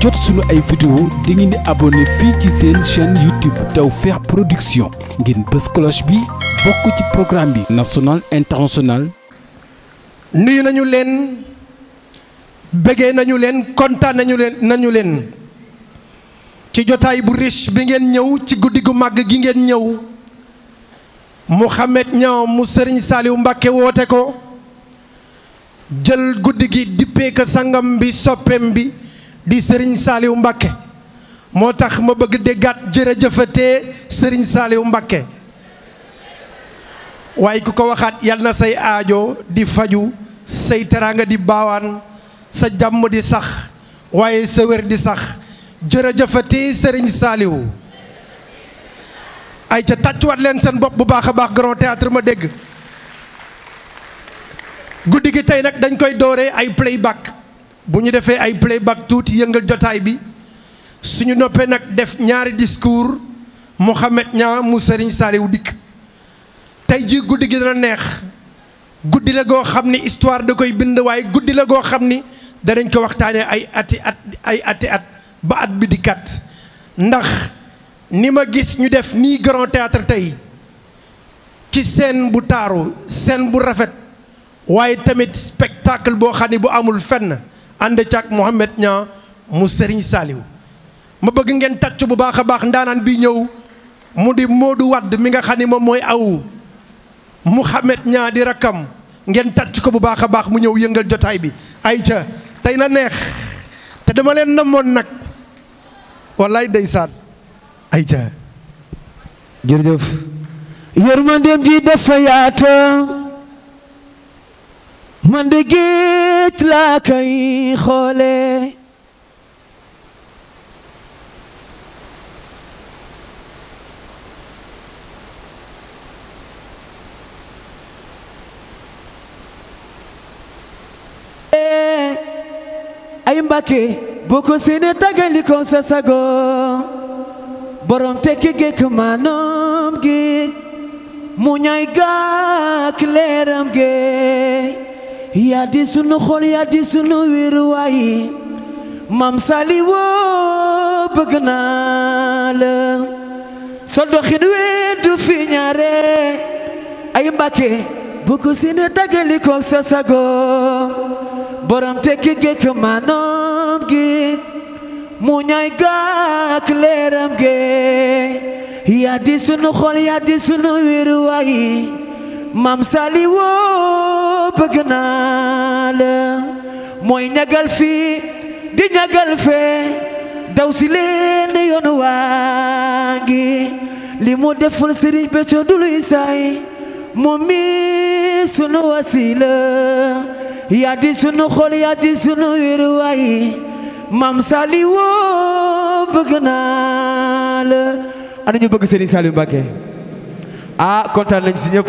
jot suñu ay vidéo da ngeen di abonné fii ci seen chaîne YouTube Tawfekh Production ngeen bës cloche bi bokk ci programme bi national international nuyu nañu leen bëggee nañu leen kontaan nañu leen nañu leen ci jotaay bu riche bi ngeen ñëw ci guddi gu màgg gi ngeen ñëw Mouhamed Niang mu Serigne Saliou Mbacké woote ko jël guddi gi dippee ko sangam bi soppeem bi di Serigne Saliou Mbakke moo tax ma bëgg déggaat jërëjëfatee sëriñ Saliou Mbakke waaye ku ko waxaat yal na say aajo di faju say teraanga di baawaan sa jàmm di sax waaye sa wér di sax jërëjëfatee sëriñ Saliou ay ca tàccuwaat leen seen bopp bu baax a baax grand théâtre ma dégg guddi gi tey nag dañ koy dooree ay playback bu ñu defee ay playback tuuti yëngal jotaay bi suñu noppee nag def ñaari discours Mouhamed Niang mu Serigne Saliou dikk tey jii guddi gi dana neex guddi la goo xam ni histoire da koy bind waaye guddi la goo xam ni danañ ko waxtaanee ay ati at ay ati at ba at bi di kat ndax ni ma gis ñu def nii grand théâtre tey ci seen bu taaru seen bu rafet waaye tamit spectacle boo xam ni bu amul fenn ànd càkk Mouhamed ñaa mu Serigne saaliw ma bëgg ngeen tàcc bu baax a baax ndaanaan bi ñëw mu di moo du wadd mi nga xam ni moom mooy aw Mouhamed Niang di rakkam ngeen tàcc ko bu baax a baax mu ñëw yëngal jotaay bi ay ca tey na neex te dama leen namoon nag wallaay ndeysaan ay ca jërëjëf yërmandeem ji dafa yaatoo man de géej laa kay xoole ay mbàkke boo ko seene tagali ko sa sago borom tekki géej maanoom géej mu ñaay gaak leeram géej yaa di sunu xol yaa di sunu wéeruwaay maam Saliwoo bëgg naa la sa doxin wee du fi ñaare ay mbàkke bu ko si ne dagali borom tekki gékk maanoom gi mu ñaay gaak leeram ge yaa di sunu xol yaa di sunu wéeruwaay maam Saliwoo bëgg naa la mooy ñagal fii di ñagal fee daw si leen di yoon waa ngi li mu deful sëriñ Béthio du luy saay moom mi sunu wasila yaa di sunu xol yaa di sunu wéruwaay maam Saliou bëgg naa la ana ñu bëgg sëriñ Saliou Mbacké ah kontaan nañ si ñëpp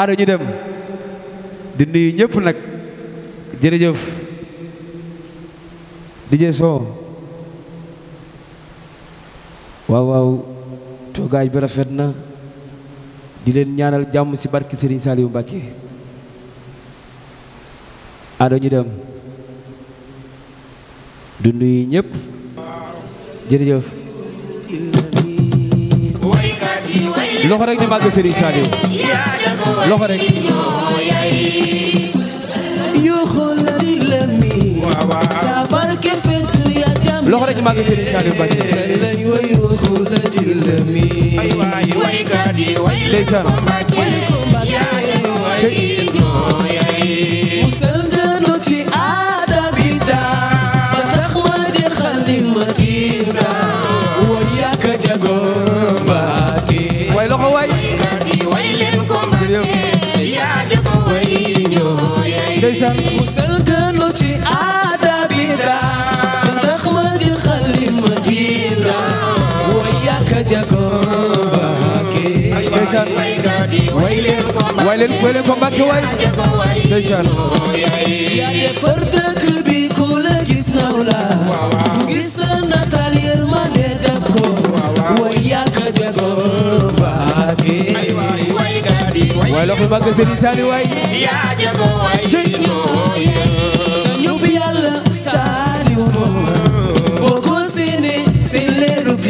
ana dem di nuyu ñëpp nag jërëjëf DJ Sow waaw waaw toogaay bi rafet na di leen ñaanal jàmm ci barki Serigne Saliou Mbacké ado ñu dem du nuyu ñëpp jërëjëf loxo rek ñu màgg Serigne Saliou loxo rek. loxo rek ñu màgg Serigne Saliou Mbacké. ndeysaan. ndeysaan way leen way leen way leen ko mbàkke way ndeysaan yaa defar dëkk bi ku la gis naw la ku gis sa nataal yërmande dab way yàgg jagoon baake way loxo mbàkke sëriñ saani way yaa jago way sa ñub yàlla saaliw moom boo ko seene seen leerub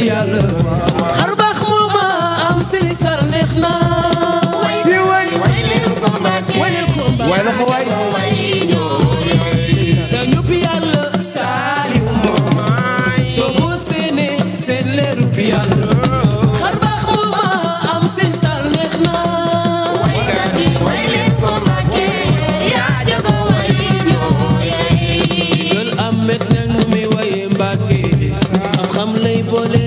বলে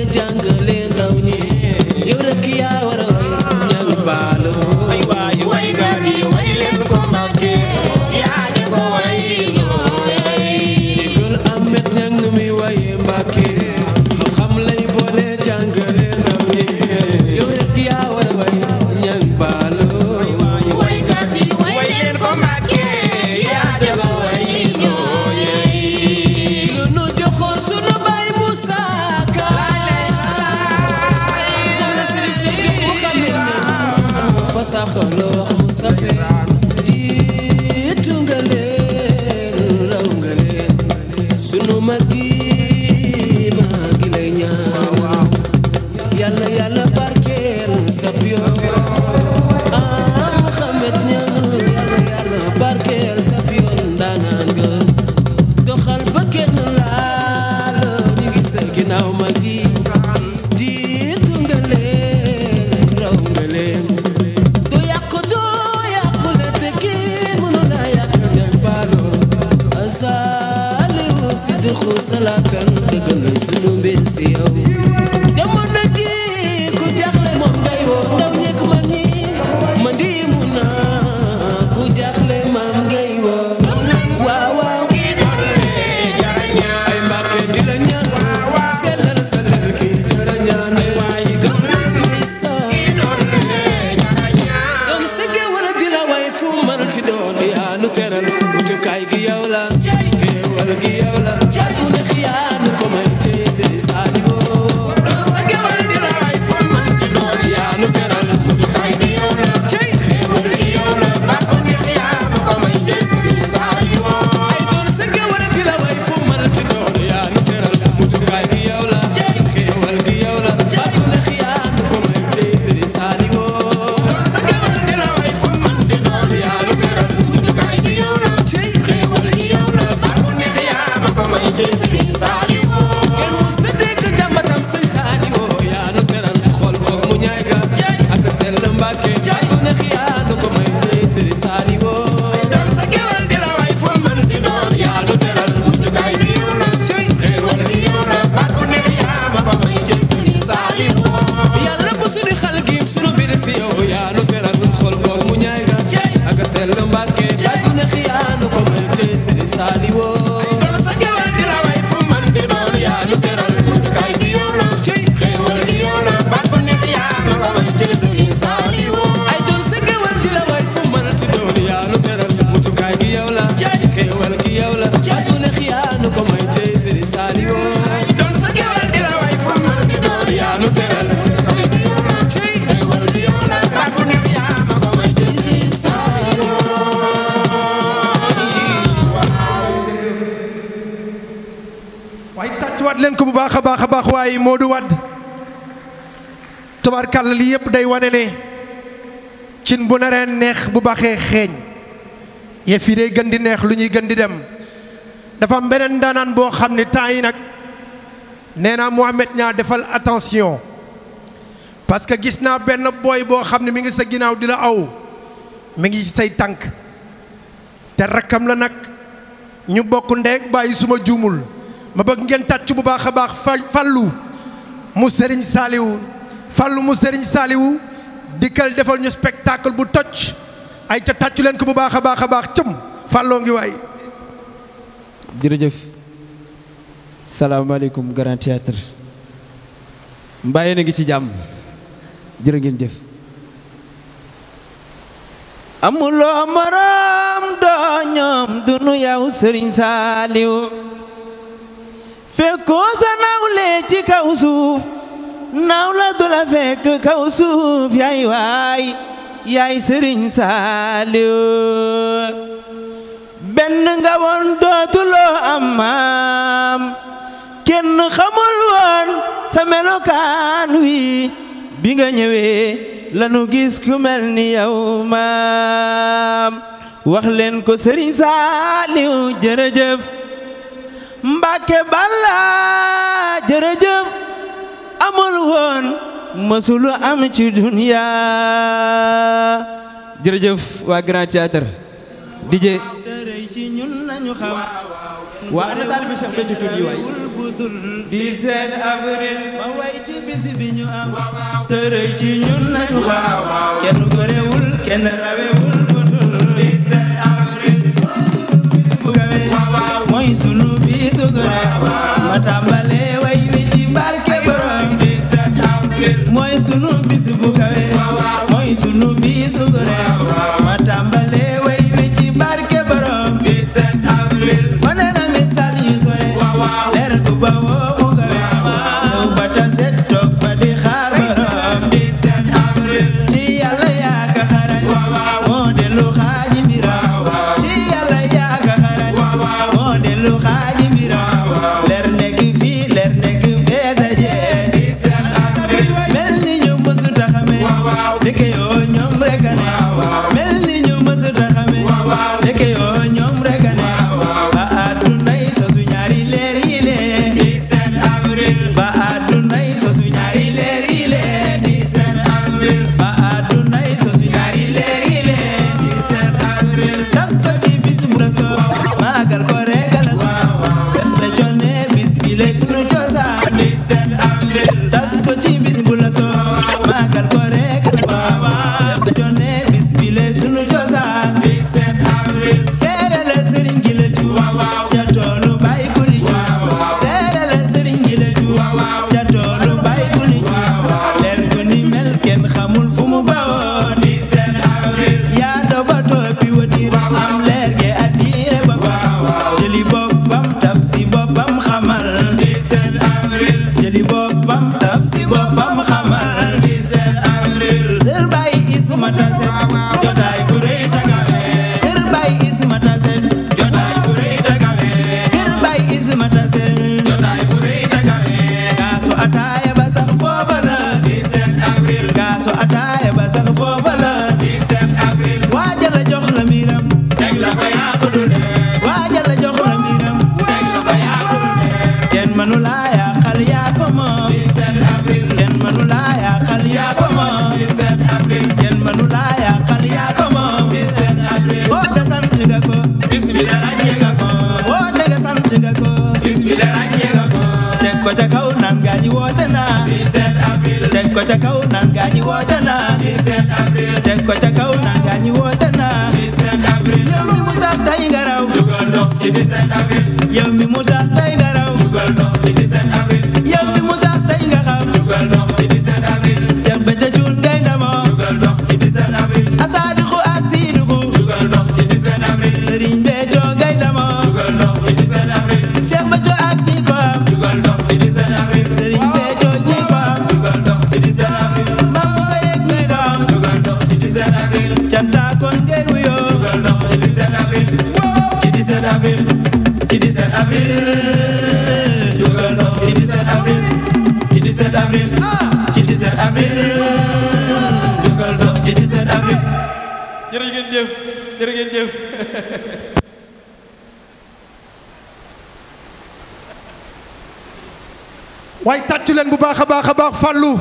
tàccuwaat leen ko bu baax a baax a baax waaye moo Modou Wade tubaarkàlla li yëpp day wane ne cin bu naree neex bu baaxee xeeñ yëf day gën di neex lu ñuy gën di dem dafa am beneen daanaan boo xam ne temps yi nag nee naa moo amet ñaa defal attention parce que gis naa benn booy boo xam ne mi ngi sa ginnaaw di la aw mi ngi say tànk te rakkam la nag ñu bokk ndeeg bàyyi suma juumul ma bëgg ngeen tàcc bu baax a baax fàllu mu sëriñ saaliwu fàllu mu sëriñ saaliwu dikkal defal ñu spectacle bu toj ay ca tàccu ko bu baax a baax a baax cëm fàlloo ngi waay jërëjëf salaamaaleykum grand théâtre mbaa yéen ngi ci jàmm jërë ngeen jëf sëriñ saaliwu fekkoo sa nawle ci kaw suuf naaw la du la fekk kaw suuf yaay waay yaay sëriñ Saaliw benn nga woon dootuloo am maam kenn xamul woon sa melokaan wi bi nga ñëwee lanu gis ku mel ni yow maam wax leen ko sëriñ Saaliw jërëjëf Mbàkke Balla jërëjëf amul woon mësulu am ci dunya jërëjëf waa Grand Théâtre DJ ci ñun lañu xam waa na taal bi Cheikh Béthio Thioune yi waay di seen avril ma way ci bis ñu am tërëy ci ñun lañu xam kenn gorewul kenn rawewul bu kawe mooy sunu bisu gore ñi woote naa. 17 ko ca kaw naan gaa ñi woote naa. 17 avril. teg ko ca kaw naan gaa ñi woote naa. 17 avril. yow mi mu tax tay mi mu tax tay nga waaye tàccu leen bu baax a baax a baax fàllu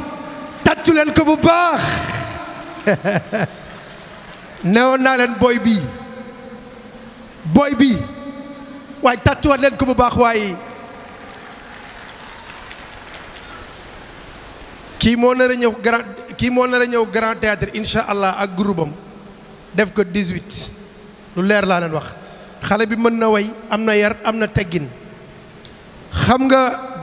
tàccu leen ko bu baax newoon naa leen booy bi booy bii waaye tàccuwaat leen ko bu baax waaye kii moo nar a ñëw grand kii moo nar a ñëw grand théâtre incha allah ak groupe def ko 18 lu leer laa leen wax xale bi mën na way am na yar am na teggin xam nga